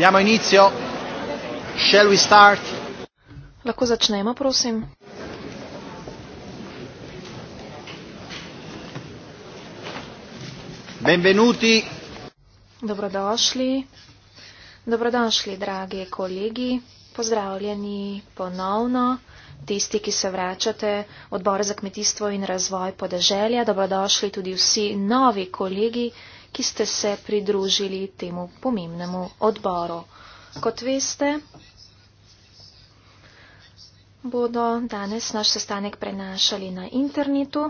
Diamo inizio. Shall we start? Lahko začnemo, prosim. Benvenuti. Dobrodošli. Dobrodošli, dragi kolegi. Pozdravljeni ponovno. Tisti, ki se vračate, odbor za kmetijstvo in razvoj podeželja, dobrodošli tudi vsi novi kolegi, ki ste se pridružili temu pomembnemu odboru. Kot veste, bodo danes naš sestanek prenašali na internetu.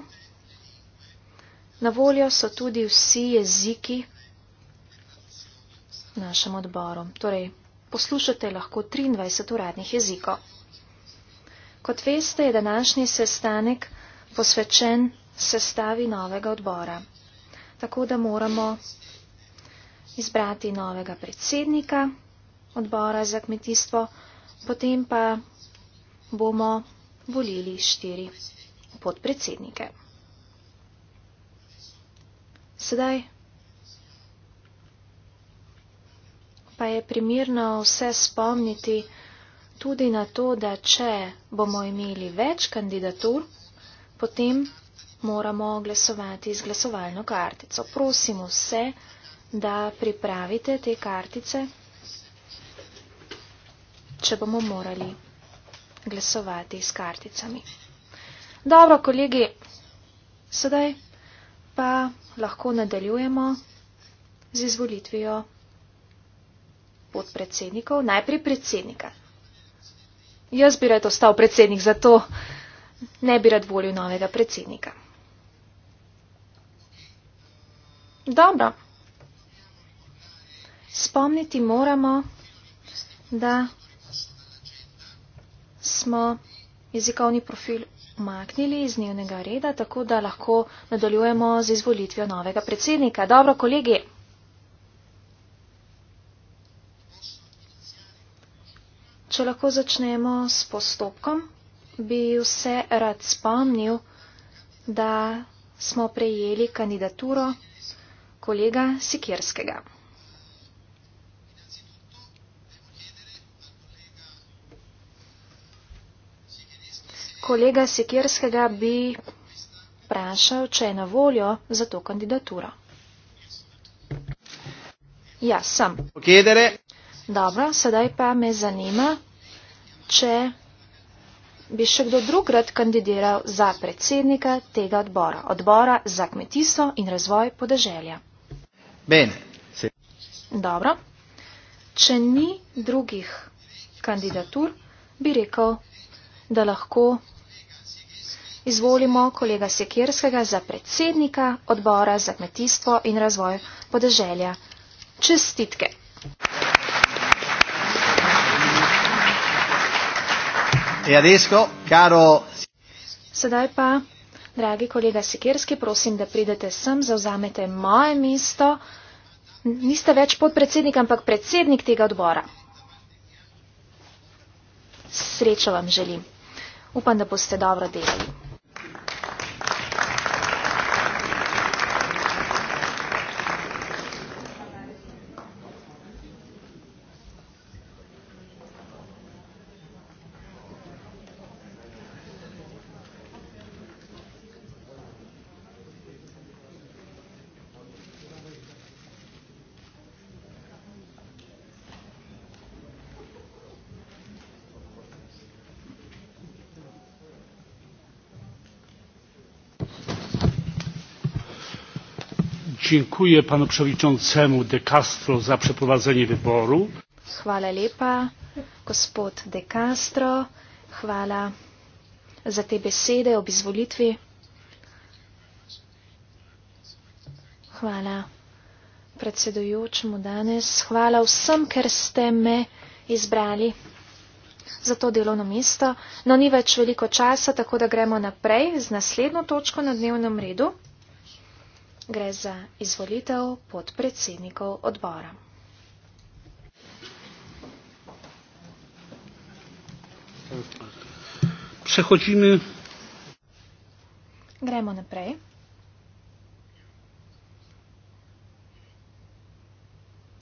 Na voljo so tudi vsi jeziki v našem odboru. Torej, poslušate lahko 23 uradnih jezikov. Kot veste, je današnji sestanek posvečen sestavi novega odbora tako da moramo izbrati novega predsednika odbora za kmetijstvo, potem pa bomo volili štiri podpredsednike. Sedaj pa je primirno vse spomniti tudi na to, da če bomo imeli več kandidatur, potem moramo glasovati z glasovalno kartico. Prosim vse, da pripravite te kartice, če bomo morali glasovati s karticami. Dobro, kolegi, sedaj pa lahko nadaljujemo z izvolitvijo podpredsednikov, najprej predsednika. Jaz bi rad ostal predsednik, zato ne bi rad volil novega predsednika. Dobro. Spomniti moramo, da smo jezikovni profil umaknili iz dnevnega reda, tako da lahko nadaljujemo z izvolitvijo novega predsednika. Dobro, kolegi. Če lahko začnemo s postopkom, bi vse rad spomnil, da smo prejeli kandidaturo kolega Sikerskega. Kolega Sikerskega bi vprašal, če je na voljo za to kandidaturo. Ja, sem. Dobro, sedaj pa me zanima, če bi še kdo drug rad kandidiral za predsednika tega odbora, odbora za kmetijstvo in razvoj podeželja. Bene. Se... Dobro. Če ni drugih kandidatur, bi rekel, da lahko izvolimo kolega Sekerskega za predsednika odbora za kmetijstvo in razvoj podeželja. Čestitke. E adesso, caro... Sedaj pa Dragi kolega Sikerski, prosim, da pridete sem, zauzamete moje mesto. Niste več podpredsednik, ampak predsednik tega odbora. Srečo vam želim. Upam, da boste dobro delali. dziękuję panu przewodniczącemu de Castro za przeprowadzenie wyboru. Chwała lepa, gospod de Castro, chwała za te besede o bizwolitwie. Hvala predsedujočemu danes, hvala vsem, ker ste me izbrali za to delovno mesto. No, ni več veliko časa, tako da gremo naprej z naslednjo točko na dnevnem redu gre za izvolitev podpredsednikov odbora. Prehodimo. Gremo naprej.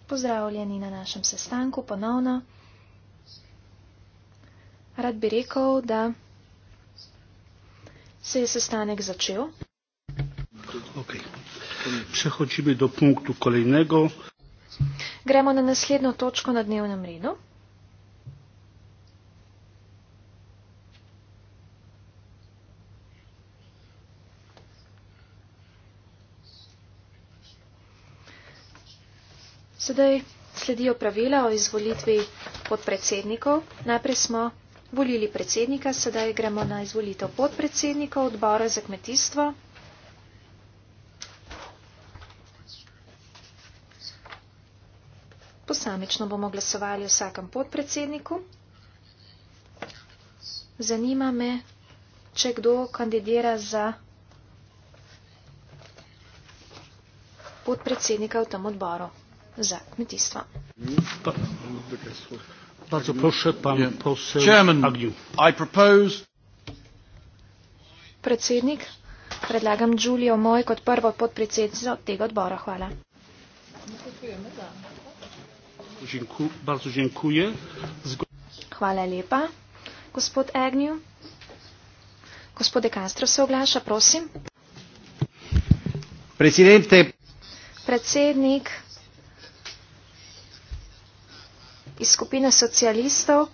Pozdravljeni na našem sestanku ponovno. Rad bi rekel, da se je sestanek začel. Prehodimo do punktu kolejnega. Gremo na naslednjo točko na dnevnem redu. Sedaj sledijo pravila o izvolitvi podpredsednikov. Najprej smo volili predsednika, sedaj gremo na izvolitev podpredsednika odbora za kmetijstvo, posamično bomo glasovali o vsakem podpredsedniku. Zanima me, če kdo kandidira za podpredsednika v tem odboru za kmetijstvo. Predsednik, predlagam Julijo Moj kot prvo podpredsednico tega odbora. Hvala. Thank you bardzo dziękuję. Chwała lepa, gospod Egniu. Gospode Castro se oglasza, prosim. Presidente. Predsednik iz skupine socialistov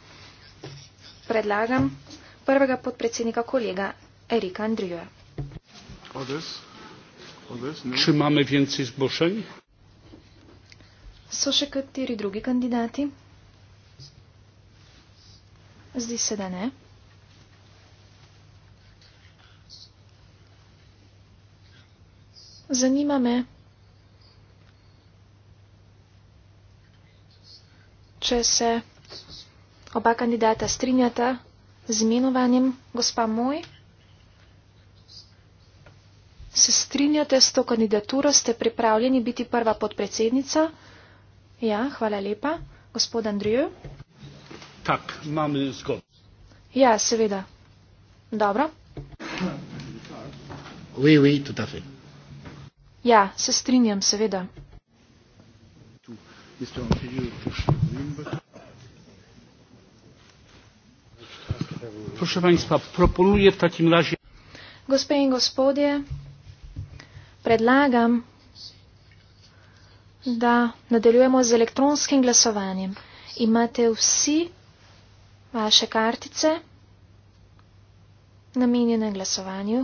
predlagam prvega podpredsednika kolega Erika Andrijoja. Czy mamy więcej zgłoszeń? So še kateri drugi kandidati? Zdi se, da ne. Zanima me, če se oba kandidata strinjata z imenovanjem gospa Moj. Se strinjate s to kandidaturo, ste pripravljeni biti prva podpredsednica? Ja, hvala lepa. Gospod Andrijo. Tak, imam zgodbo. Ja, seveda. Dobro. Oui, oui, tout à fait. Ja, se strinjam, seveda. Gospe in gospodje, predlagam, Da, nadaljujemo z elektronskim glasovanjem. Imate vsi vaše kartice namenjene glasovanju.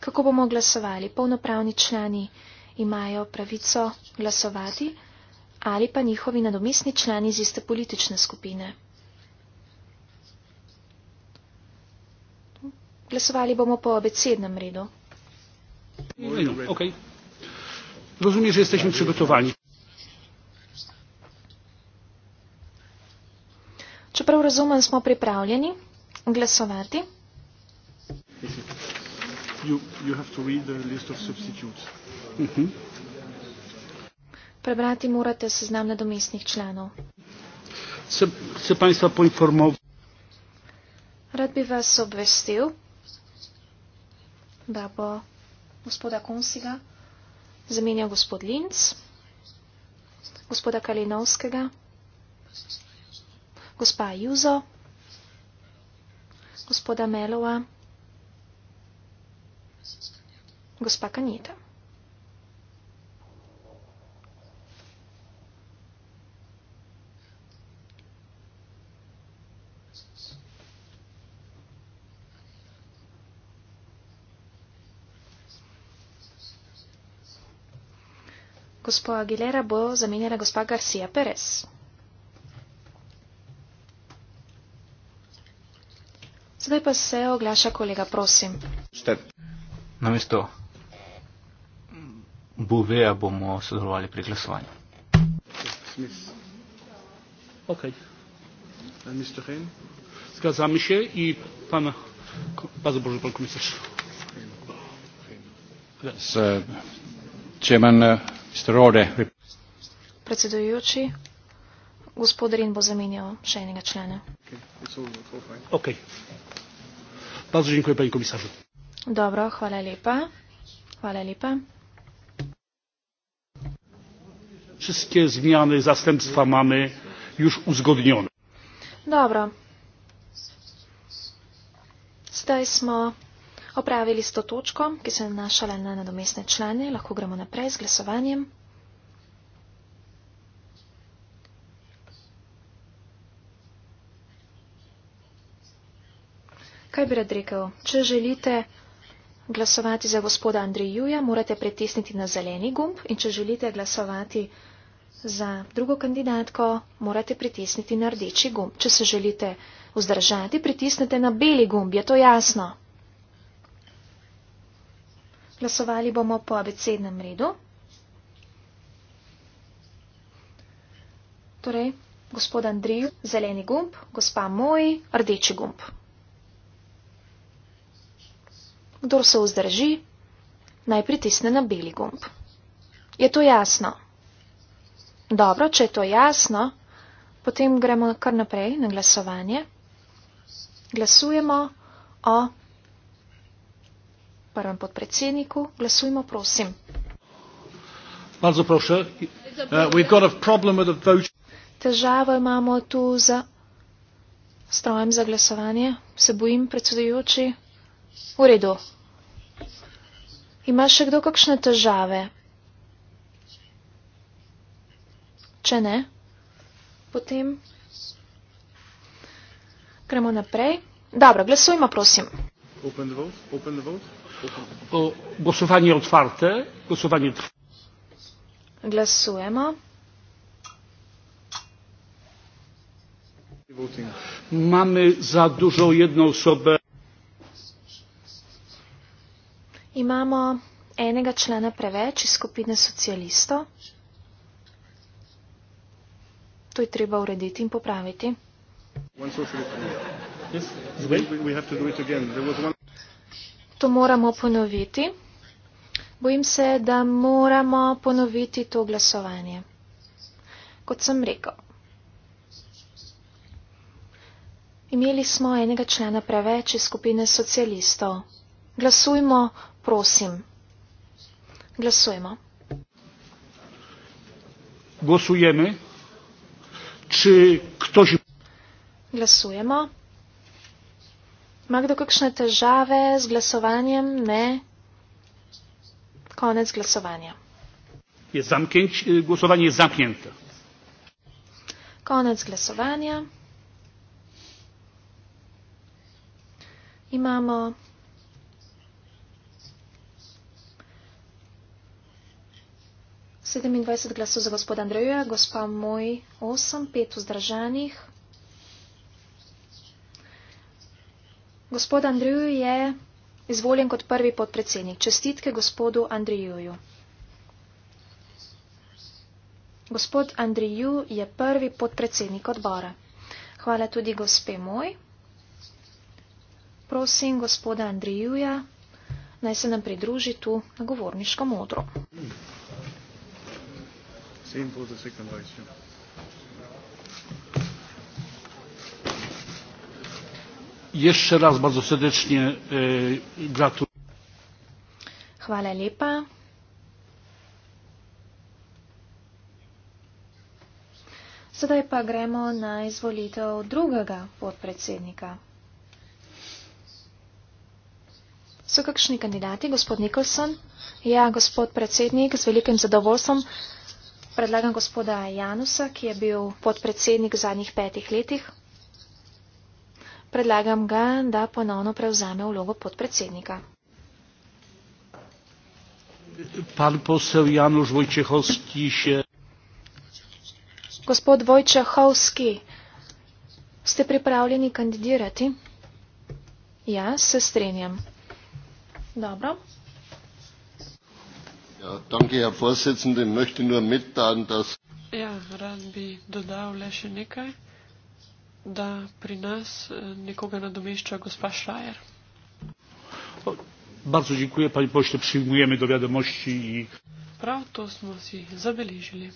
Kako bomo glasovali? Polnopravni člani imajo pravico glasovati ali pa njihovi nadomestni člani iz iste politične skupine. Glasovali bomo po abecednem redu. Mm, okay. Rozumiem, że jesteśmy przygotowani. Czy prawo rozumiem, jesteśmy przygotowani? Głosować? You, you have to read the list of substitutes. Mhm. Prebrati morate seznam nadomestnih članov. Se, se panjstva poinformoval. Rad bi vas obvestil, da bo gospoda Kunsiga zamenja gospod Linc, gospoda Kalinovskega, gospa Juzo, gospoda Melova, gospa Kanjeta. gospo Aguilera bo zamenjala gospa Garcia Perez. Zdaj pa se oglaša kolega, prosim. Na mesto Boveja bomo sodelovali pri glasovanju. Okay. Eh, Zgazami še in pa na bazo Božjo polkomisarstvo. Če manj Predsedujoči, gospod Rin bo zamenjal še enega člena. Okay. Dobro, hvala lepa. Hvala lepa. Vse zmjane zastępstva imamo že uzgodnjene. Dobro. Zdaj smo opravili s to točko, ki se nanašala na nadomestne člane, lahko gremo naprej z glasovanjem. Kaj bi rad rekel? Če želite glasovati za gospoda Andrejuja, morate pritisniti na zeleni gumb in če želite glasovati za drugo kandidatko, morate pritisniti na rdeči gumb. Če se želite vzdržati, pritisnite na beli gumb, je to jasno. Glasovali bomo po abecednem redu. Torej, gospod Andrij, zeleni gumb, gospa Moj, rdeči gumb. Kdor se vzdrži, naj pritisne na beli gumb. Je to jasno? Dobro, če je to jasno, potem gremo kar naprej na glasovanje. Glasujemo o prvem podpredsedniku. Glasujmo, prosim. Uh, Težavo imamo tu z strojem za glasovanje. Se bojim, predsedujoči. V redu. Ima še kdo kakšne težave? Če ne, potem gremo naprej. Dobro, glasujmo, prosim. Open the vote. Open the vote głosowanie otwarte. Głosowanie trwa. Głosujemy. Mamy za dużo jedną osobę. I mamy jednego člena preveč z skupiny socjalistów. To je treba urediti in popraviti. Yes. We, we, we one to moramo ponoviti. Bojim se, da moramo ponoviti to glasovanje. Kot sem rekel, imeli smo enega člana preveč iz skupine socialistov. Glasujmo, prosim. Glasujmo. Głosujemy. Czy ktoś. Głosujemy. Ma kdo kakšne težave z glasovanjem? Ne. Konec glasovanja. Je zamknjeno, glasovanje je zamknjeno. Konec glasovanja. Imamo. sedemindvajset glasov za gospoda Andreja, gospa moj osem, pet vzdržanih, Gospod Andriju je izvoljen kot prvi podpredsednik. Čestitke gospodu Andrijuju. Gospod Andriju je prvi podpredsednik odbora. Hvala tudi gospe moj. Prosim gospoda Andrijuja, naj se nam pridruži tu na govorniško modro. Hmm. jeszcze raz bardzo serdecznie e, gratuluję. Hvala lepa. Sedaj pa gremo na izvolitev drugega podpredsednika. So kakšni kandidati? Gospod Nikolson? Ja, gospod predsednik, z velikim zadovoljstvom predlagam gospoda Janusa, ki je bil podpredsednik v zadnjih petih letih predlagam ga, da ponovno prevzame vlogo podpredsednika. Pan posel Januš Vojčehovski še. Gospod Vojčehovski, ste pripravljeni kandidirati? Ja, se strenjam. Dobro. Ja, danke, Herr Vorsitzende. Ich möchte nur mitteilen, dass. Ja, Randi, du da, Ulesche, nicht? da pri nas eh, nekoga nadomešča gospa Šlajer. Bardzo dziękuję Pani Pośle, przyjmujemy do wiadomości i. Praw to smo si zabeležili.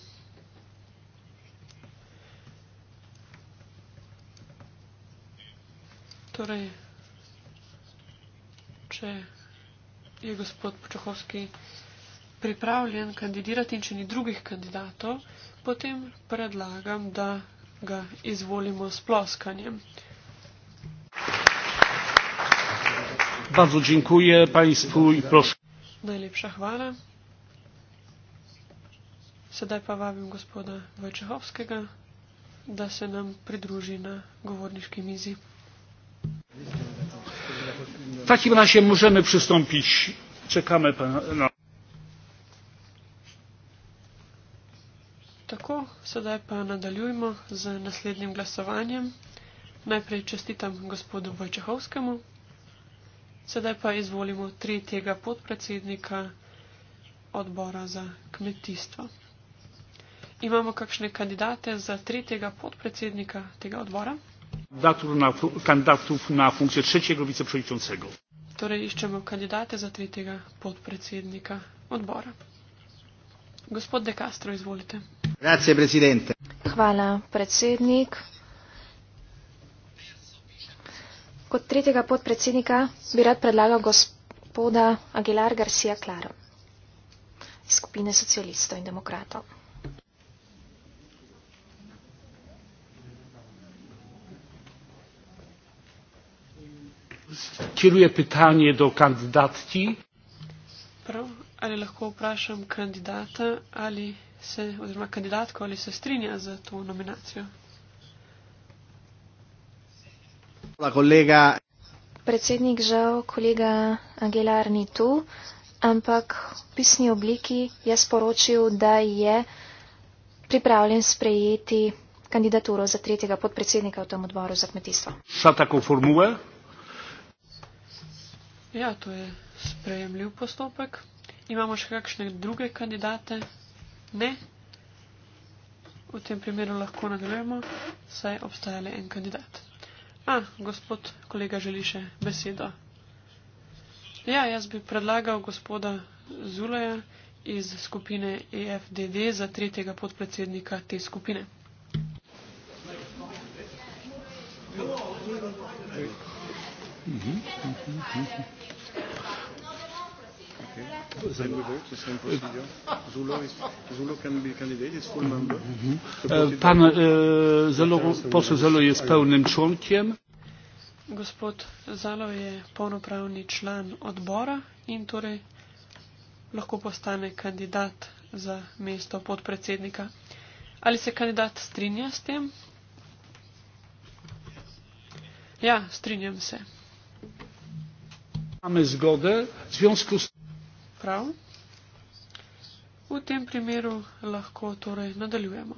Torej, če je gospod Počohovski pripravljen kandidirati in če ni drugih kandidatov, potem predlagam, da ga izvolimo s ploskanjem. Bardzo dziękuję Państwu i proszę. Najlepsza chwała. Sedaj powabim gospoda Wojciechowskiego, da się nam przydruży na gowornicznej mizji. W takim razie możemy przystąpić. Czekamy pana. Sedaj pa nadaljujmo z naslednjim glasovanjem. Najprej čestitam gospodu Bojčehovskemu. Sedaj pa izvolimo tretjega podpredsednika odbora za kmetijstvo. Imamo kakšne kandidate za tretjega podpredsednika tega odbora? Kandidatov na funkcijo tretjega viceprezidenta. Torej iščemo kandidate za tretjega podpredsednika odbora. Gospod De Castro, izvolite. Hvala, predsednik. Kot tretjega podpredsednika bi rad predlagal gospoda Aguilar Garcia Claro iz skupine socialistov in demokratov. Kiruje pitanje do kandidatki. Prav, ali lahko vprašam kandidata ali se, oziroma kandidatko, ali se strinja z to nominacijo. Hvala, kolega. Predsednik žal, kolega Angelar ni tu, ampak v pisni obliki je sporočil, da je pripravljen sprejeti kandidaturo za tretjega podpredsednika v tem odboru za kmetijstvo. Sa tako formuje? Ja, to je sprejemljiv postopek. Imamo še kakšne druge kandidate? Ne. V tem primeru lahko nadaljujemo, saj obstaja le en kandidat. A, gospod kolega želi še besedo. Ja, jaz bi predlagal gospoda Zulaja iz skupine EFDD za tretjega podpredsednika te skupine. Mm -hmm, mm -hmm, mm -hmm. Pan e, Zelo, poseł Zelo jest pełnym członkiem. Gospod Zalo je polnopravni član odbora in torej lahko postane kandidat za mesto podpredsednika. Ali se kandidat strinja s tem? Ja, strinjam se. Imamo zgode v zvezi s prav. V tem primeru lahko torej nadaljujemo.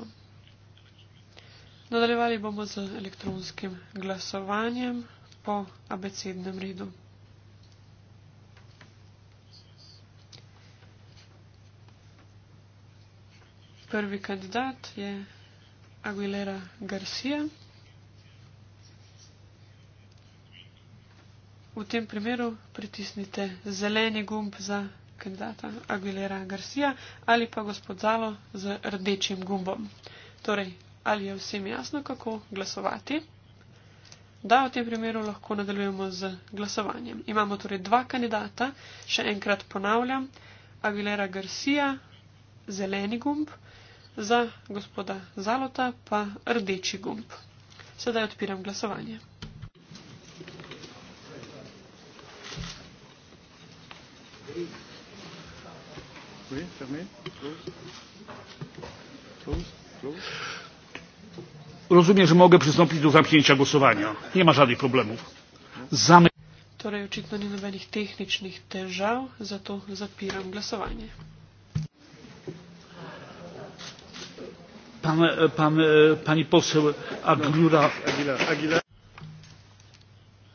Nadaljevali bomo z elektronskim glasovanjem po abecednem redu. Prvi kandidat je Aguilera Garcia. V tem primeru pritisnite zeleni gumb za kandidata Aguilera Garcia ali pa gospod Zalo z rdečim gumbom. Torej, ali je vsem jasno, kako glasovati? Da, v tem primeru lahko nadaljujemo z glasovanjem. Imamo torej dva kandidata, še enkrat ponavljam, Aguilera Garcia, zeleni gumb, za gospoda Zalota pa rdeči gumb. Sedaj odpiram glasovanje. Thank you. Oui, fermé. Close. Close. Close. Rozumiem, że mogę przystąpić do zamknięcia głosowania. Nie ma żadnych problemów. Zamy Torej očitno ni nobenih tehničnih težav, zato zapiram glasovanje. Pan, e, pan, e, pani posel no, Aguilera.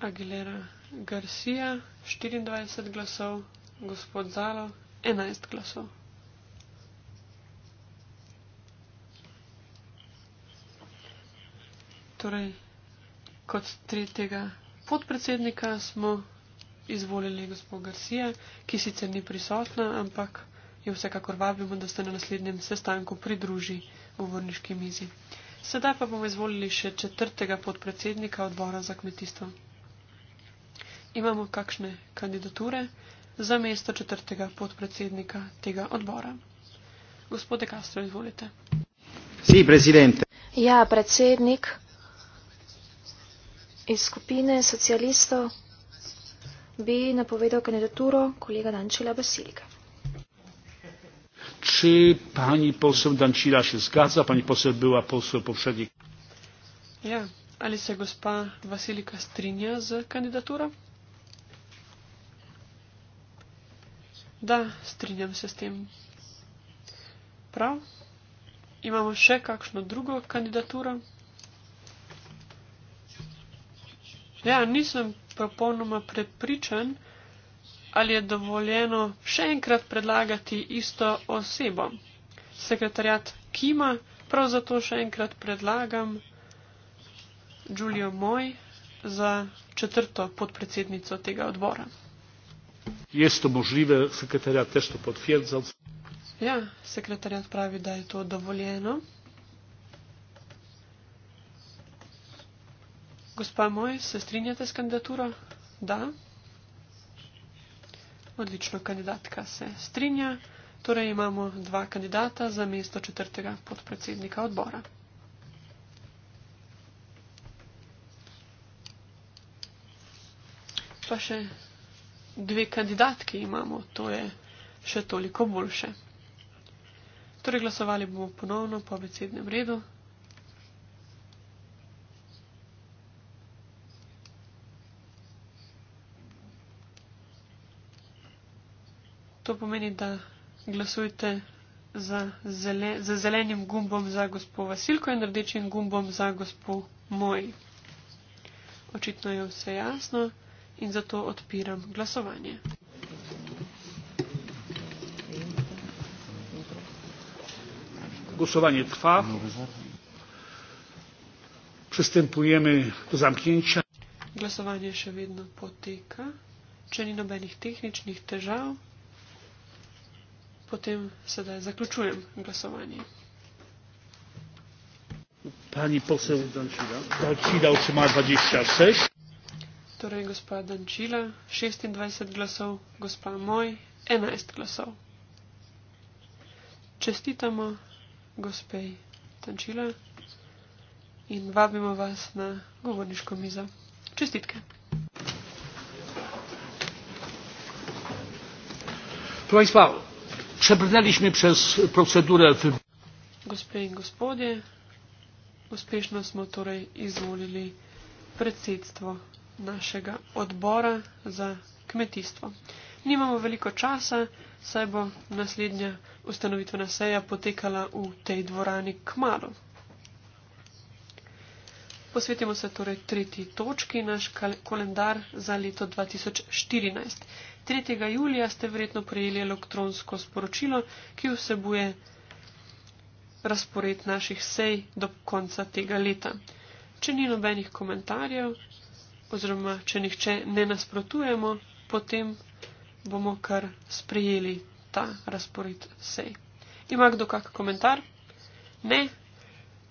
Aguilera Garcia, 24 glasov, gospod Zalo, 11 glasov. Torej, kot tretjega podpredsednika smo izvolili gospod Garcia, ki sicer ni prisotna, ampak jo vsekakor vabimo, da se na naslednjem sestanku pridruži govorniški mizi. Sedaj pa bomo izvolili še četrtega podpredsednika odbora za kmetijstvo. Imamo kakšne kandidature? za mesto četrtega podpredsednika tega odbora. Gospode Castro, izvolite. Si, predsedente. Ja, predsednik iz skupine socialistov bi napovedal kandidaturo kolega Dančila Basilika. Če pani posel Dančila še zgadza, pani posel bila posel povšednik. Ja, ali se gospa Vasilika strinja z kandidaturo? Da, strinjam se s tem. Prav, imamo še kakšno drugo kandidaturo? Ja, nisem popolnoma prepričan, ali je dovoljeno še enkrat predlagati isto osebo. Sekretarjat Kima, prav zato še enkrat predlagam Julio Moj za četrto podpredsednico tega odbora. Jest to możliwe, sekretariat też to potwierdza. Ja, sekretariat prawi, daje to dowoljeno. Gospa moja, se strinjate z kandidaturo? Da. Odlično, kandidatka se strinja. Torej imamo dva kandidata za mesto četrtega podpredsednika odbora. Pa še dve kandidatki imamo, to je še toliko boljše. Torej glasovali bomo ponovno po besednem redu. To pomeni, da glasujte za, zele, za zelenim gumbom za gospo Vasilko in rdečim gumbom za gospo Moj. Očitno je vse jasno in zato odpiram glasovanje. Glasovanje tva. Pristempujemy do zamknięcia. Głosowanie się jedno potyka. Czy nie nobenych technicznych teżał? Potem sobie zakluczyłem głosowanie. Pani poseł Dancida otrzymała 26 torej gospa Dančila 26 glasov, gospa Moj 11 glasov. Čestitamo gospej Dančila in vabimo vas na govorniško mizo. Čestitke. Proizpa, prebrnelišmi čez procedure. Gospe in gospodje, uspešno smo torej izvolili predsedstvo našega odbora za kmetijstvo. Nimamo veliko časa, saj bo naslednja ustanovitvena seja potekala v tej dvorani kmalo. Posvetimo se torej tretji točki, naš kal kalendar za leto 2014. 3. julija ste verjetno prejeli elektronsko sporočilo, ki vsebuje razpored naših sej do konca tega leta. Če ni nobenih komentarjev, oziroma če nihče ne nasprotujemo, potem bomo kar sprejeli ta razpored sej. Ima kdo kak komentar? Ne,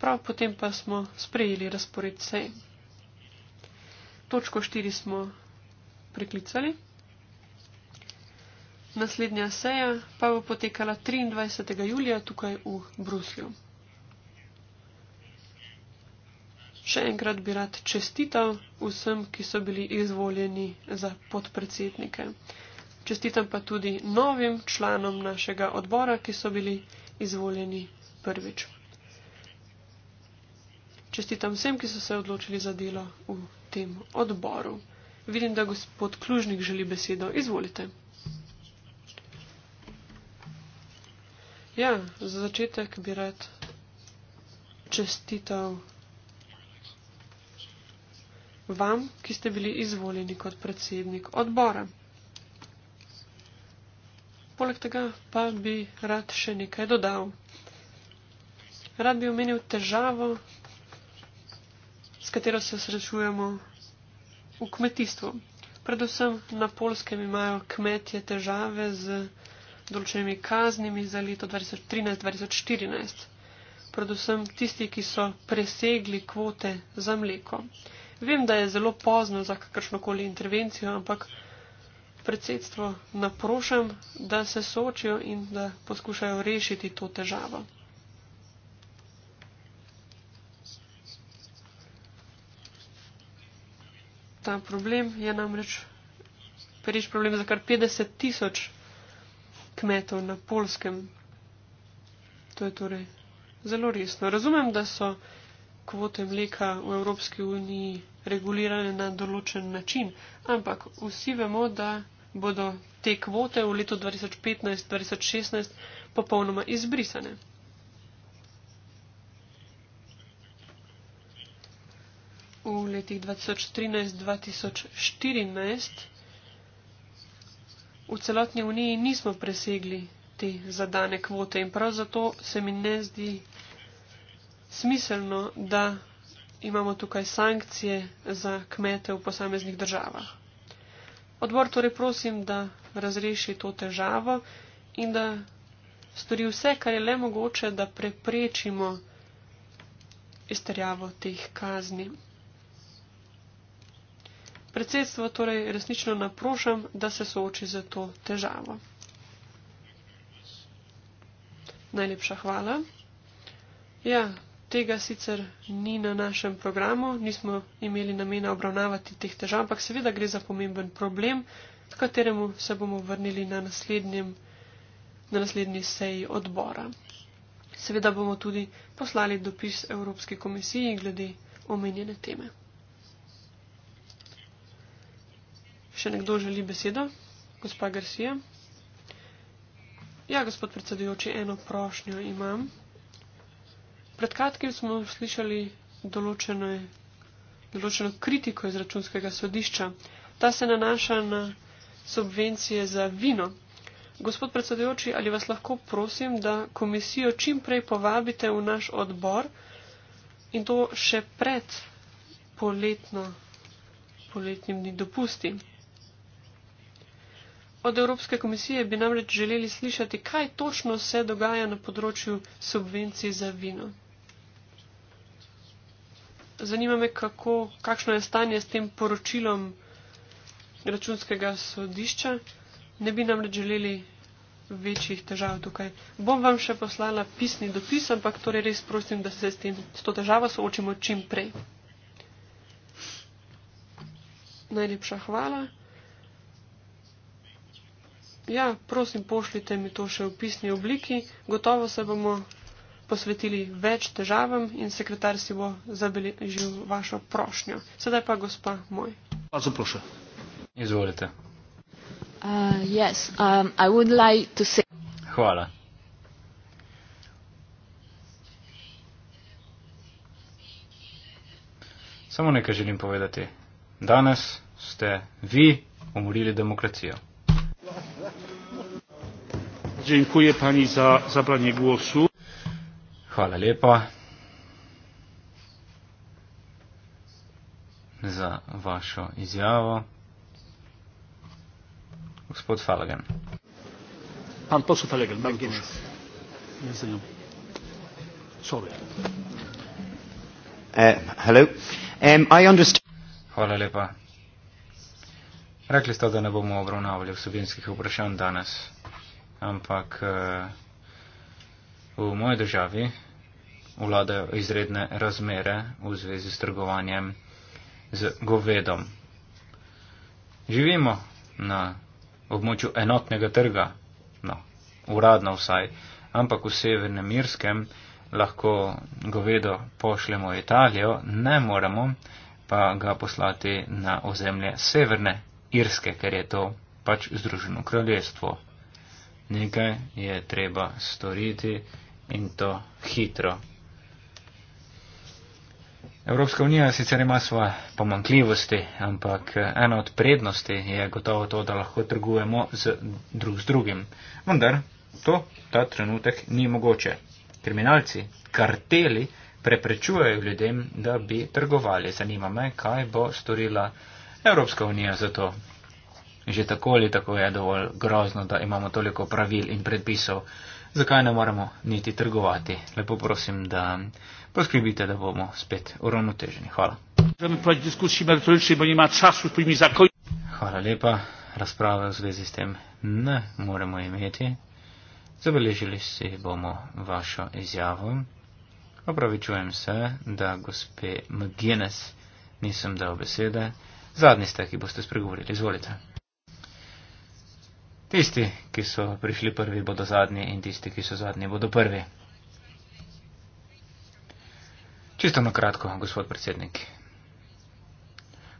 prav potem pa smo sprejeli razpored sej. Točko 4 smo priklicali. Naslednja seja pa bo potekala 23. julija tukaj v Bruslju. Še enkrat bi rad čestital vsem, ki so bili izvoljeni za podpredsednike. Čestitam pa tudi novim članom našega odbora, ki so bili izvoljeni prvič. Čestitam vsem, ki so se odločili za delo v tem odboru. Vidim, da gospod Klužnik želi besedo. Izvolite. Ja, za začetek bi rad čestital vam, ki ste bili izvoljeni kot predsednik odbora. Poleg tega pa bi rad še nekaj dodal. Rad bi omenil težavo, s katero se srečujemo v kmetijstvu. Predvsem na polskem imajo kmetje težave z določenimi kaznimi za leto 2013-2014. Predvsem tisti, ki so presegli kvote za mleko. Vem, da je zelo pozno za kakršno koli intervencijo, ampak predsedstvo naprošam, da se sočijo in da poskušajo rešiti to težavo. Ta problem je namreč pereč problem za kar 50 tisoč kmetov na polskem. To je torej zelo resno. Razumem, da so kvote mleka v Evropski uniji regulirane na določen način, ampak vsi vemo, da bodo te kvote v letu 2015-2016 popolnoma izbrisane. V letih 2013-2014 v celotni uniji nismo presegli te zadane kvote in prav zato se mi ne zdi smiselno, da imamo tukaj sankcije za kmete v posameznih državah. Odbor torej prosim, da razreši to težavo in da stori vse, kar je le mogoče, da preprečimo izterjavo teh kazni. Predsedstvo torej resnično naprošam, da se sooči za to težavo. Najlepša hvala. Ja, tega sicer ni na našem programu, nismo imeli namena obravnavati teh težav, ampak seveda gre za pomemben problem, k kateremu se bomo vrnili na, na naslednji seji odbora. Seveda bomo tudi poslali dopis Evropski komisiji glede omenjene teme. Še nekdo želi besedo? Gospa Garcia. Ja, gospod predsedujoči, eno prošnjo imam. Pred kratkim smo slišali določeno, določeno kritiko iz računskega sodišča. Ta se nanaša na subvencije za vino. Gospod predsedujoči, ali vas lahko prosim, da komisijo čim prej povabite v naš odbor in to še pred poletno, poletnim dni dopusti? Od Evropske komisije bi namreč želeli slišati, kaj točno se dogaja na področju subvencij za vino zanima me, kako, kakšno je stanje s tem poročilom računskega sodišča. Ne bi nam želeli večjih težav tukaj. Bom vam še poslala pisni dopis, ampak torej res prosim, da se s, tem, s to težavo soočimo čim prej. Najlepša hvala. Ja, prosim, pošljite mi to še v pisni obliki. Gotovo se bomo posvetili več težavam in sekretar si bo zabeležil vašo prošnjo. Sedaj pa gospa moj. Pa zaproša. Izvolite. Uh, yes, um, like Hvala. Samo nekaj želim povedati. Danes ste vi umorili demokracijo. Dziękuję pani za zabranie głosu. Hvala lepa za vašo izjavo. Gospod Falagen. Pan posu Falagen, bankin. Sorry. Uh, hello. Um, I Hvala lepa. Rekli ste, da ne bomo obravnavali vsebinskih vprašanj danes, ampak uh, V moji državi vladajo izredne razmere v zvezi s trgovanjem z govedom. Živimo na območju enotnega trga, no, uradno vsaj, ampak v Severnem Irskem lahko govedo pošljemo v Italijo, ne moremo pa ga poslati na ozemlje Severne Irske, ker je to pač Združeno kraljestvo. Nekaj je treba storiti in to hitro. Evropska unija sicer ima svoje pomankljivosti, ampak eh, ena od prednosti je gotovo to, da lahko trgujemo z drug z drugim. Vendar to ta trenutek ni mogoče. Kriminalci, karteli preprečujejo ljudem, da bi trgovali. Zanima me, kaj bo storila Evropska unija za to. Že tako ali tako je dovolj grozno, da imamo toliko pravil in predpisov zakaj ne moremo niti trgovati. Lepo prosim, da poskrbite, da bomo spet uravnoteženi. Hvala. Hvala lepa. Razprave v zvezi s tem ne moremo imeti. Zabeležili si bomo vašo izjavo. Opravičujem se, da gospe McGuinness nisem dal besede. Zadnji ste, ki boste spregovorili. Izvolite. Tisti, ki so prišli prvi, bodo zadnji in tisti, ki so zadnji, bodo prvi. Čisto na kratko, gospod predsednik.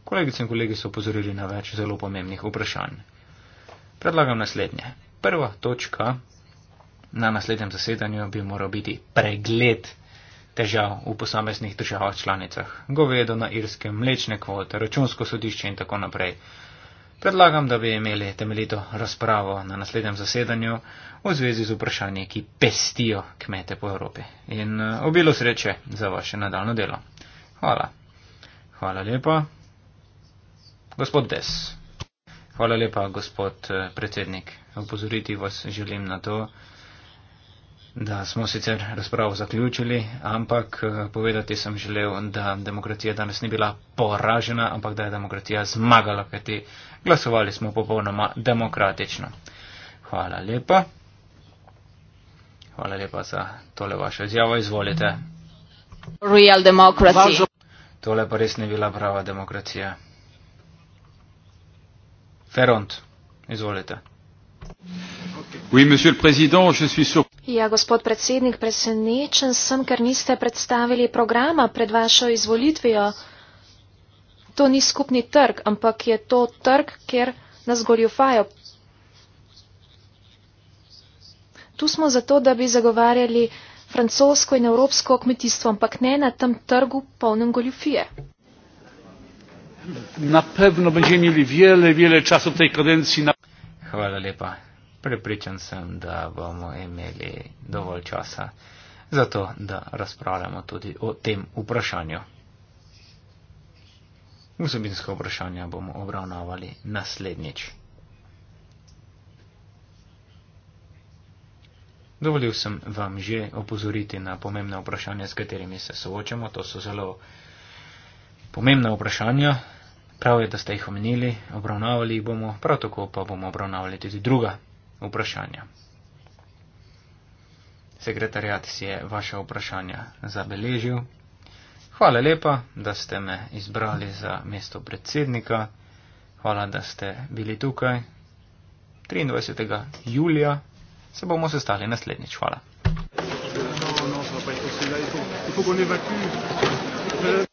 Kolegice in kolegi so upozorili na več zelo pomembnih vprašanj. Predlagam naslednje. Prva točka na naslednjem zasedanju bi moral biti pregled težav v posameznih državah članicah. Govedo na irskem, mlečne kvote, računsko sodišče in tako naprej predlagam, da bi imeli temeljito razpravo na naslednjem zasedanju v zvezi z vprašanji, ki pestijo kmete po Evropi. In eh, obilo sreče za vaše nadaljno delo. Hvala. Hvala lepa. Gospod Des. Hvala lepa, gospod eh, predsednik. Opozoriti vas želim na to, Da smo sicer razpravo zaključili, ampak eh, povedati sem želel, da demokracija danes ni bila poražena, ampak da je demokracija zmagala, kajti glasovali smo popolnoma demokratično. Hvala lepa. Hvala lepa za tole vaše izjavo. Izvolite. Real demokracija. Tole pa res ni bila prava demokracija. Ferond, izvolite. Okay. Oui, Ja, gospod predsednik, presenečen sem, ker niste predstavili programa pred vašo izvolitvijo. To ni skupni trg, ampak je to trg, kjer nas goljufajo. Tu smo zato, da bi zagovarjali francosko in evropsko kmetijstvo, ampak ne na tem trgu polnem goljufije. Na pevno bi že imeli vele, vele časa v tej kadenciji. Hvala lepa. Prepričan sem, da bomo imeli dovolj časa za to, da razpravljamo tudi o tem vprašanju. Vsebinsko vprašanje bomo obravnavali naslednjič. Dovolil sem vam že opozoriti na pomembna vprašanja, s katerimi se soočamo. To so zelo pomembna vprašanja. Prav je, da ste jih omenili, obravnavali jih bomo, prav tako pa bomo obravnavali tudi druga vprašanja. Sekretarjat si je vaše vprašanja zabeležil. Hvala lepa, da ste me izbrali za mesto predsednika. Hvala, da ste bili tukaj. 23. julija se bomo sestali naslednjič. Hvala. No, no, no,